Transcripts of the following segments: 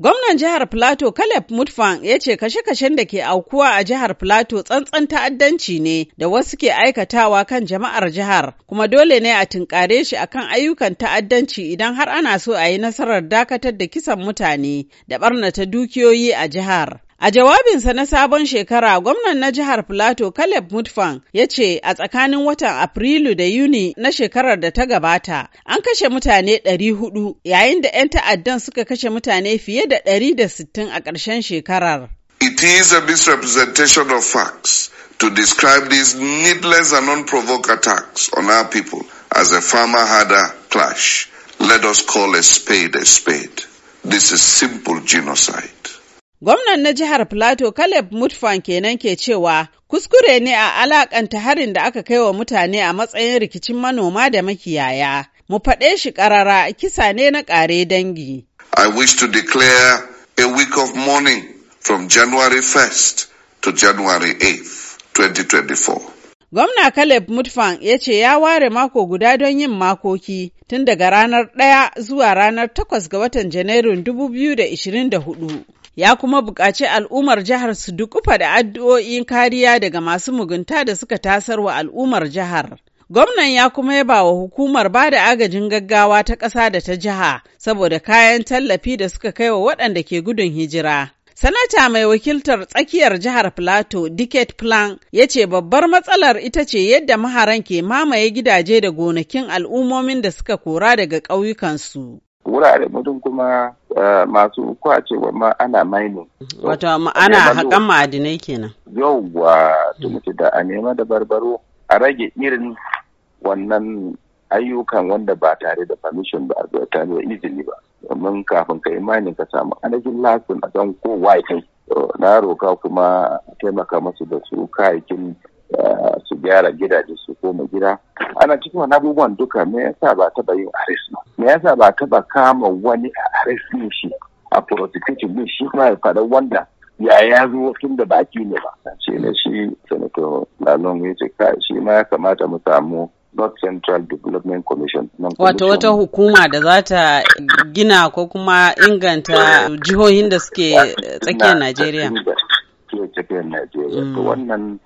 Gwamnan jihar Plateau Caleb Mutfan ya ce kashe-kashen da ke aukuwa a jihar Plateau tsantsan ta'addanci ne da wasu ke aikatawa kan jama'ar jihar, kuma dole ne a tunkare shi akan ayyukan ta'addanci idan har ana so a yi nasarar dakatar da kisan mutane da ɓarnata dukiyoyi a jihar. A jawabinsa na sabon shekara, gwamnan na jihar Filato Caleb Mutfan ya ce a tsakanin watan Afrilu da Yuni na shekarar da ta gabata, an kashe mutane 400 yayin da 'yan ta'addan suka kashe mutane fiye da 160 a ƙarshen shekarar. It is a misrepresentation of facts to describe these needless and unprovoked attacks on our people as a farmer harder clash. Let us call a spade a spade. This is simple genocide. Gwamnan na jihar Plateau Caleb Mutfan kenan ke cewa kuskure ne a alakanta harin da aka kai wa mutane a matsayin rikicin manoma da makiyaya. Mu faɗe shi ƙarara kisa ne na ƙare dangi. I wish to declare a week of mourning from January 1st to January 8th, 2024. Gwamna Caleb Mutfan ya ce ya ware mako guda don yin makoki tun daga ranar ɗaya zuwa ranar takwas ga watan Janairun 2024. ya kuma buƙaci al'ummar jihar su dukufa da addu'o'in kariya daga masu mugunta da suka tasar wa al'ummar jihar. Gwamnan ya kuma yaba wa hukumar ba da agajin gaggawa ta ƙasa da ta jiha saboda kayan tallafi da suka kai wa waɗanda ke gudun hijira. Sanata mai wakiltar tsakiyar jihar Plateau, Dicket Plan, ya ce babbar matsalar ita ce yadda maharan ke mamaye gidaje da gonakin al'ummomin da suka kora daga ƙauyukansu. Wurare mutum kuma masu kwace ma ana Wata Wato ana haƙan ma'adinai kenan. Yauwa hmm. tumuti da a nema da barbaro a rage irin wannan ayyukan wanda ba tare da permission ba a tare da izini ba. Domin kafin ka yi imanin ka samu anakin lasin a san ko kai. Na roka kuma taimaka masu da su kayakin Eh, su gyara gidaje su koma gida ana cikin wani abubuwan duka me yasa ba taba yin ne. me yasa ba taba kama wani a ares ne shi a prosecution ne shi kuma ya faɗa wanda ya ya zo tun da baki ne ba shi ne shi senator lalon ya ce shi ma ya kamata mu samu North Central Development Commission. Wato wata hukuma da za ta gina ko kuma inganta jihohin da suke tsakiyar Najeriya. Najeriya. To hmm. wannan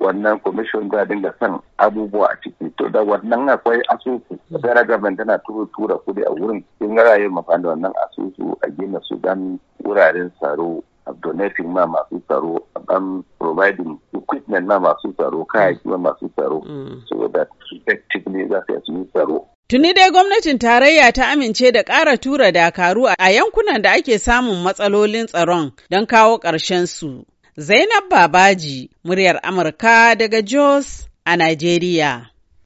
wannan commission za dinga san abubuwa a ciki to da wannan akwai asusu federal government tana turo tura kudi a wurin sun ga rayuwar mafan da wannan asusu a gina su dan wuraren tsaro a donating ma masu tsaro a dan providing equipment ma masu tsaro kayayyaki ma masu tsaro mm. Mm. so that effectively za su yi tsaro Tuni dai gwamnatin tarayya ta amince da ƙara tura dakaru a yankunan da ake samun matsalolin tsaron don kawo ƙarshen su. Zainab Babaji, muryar Amurka daga Jos a Najeriya.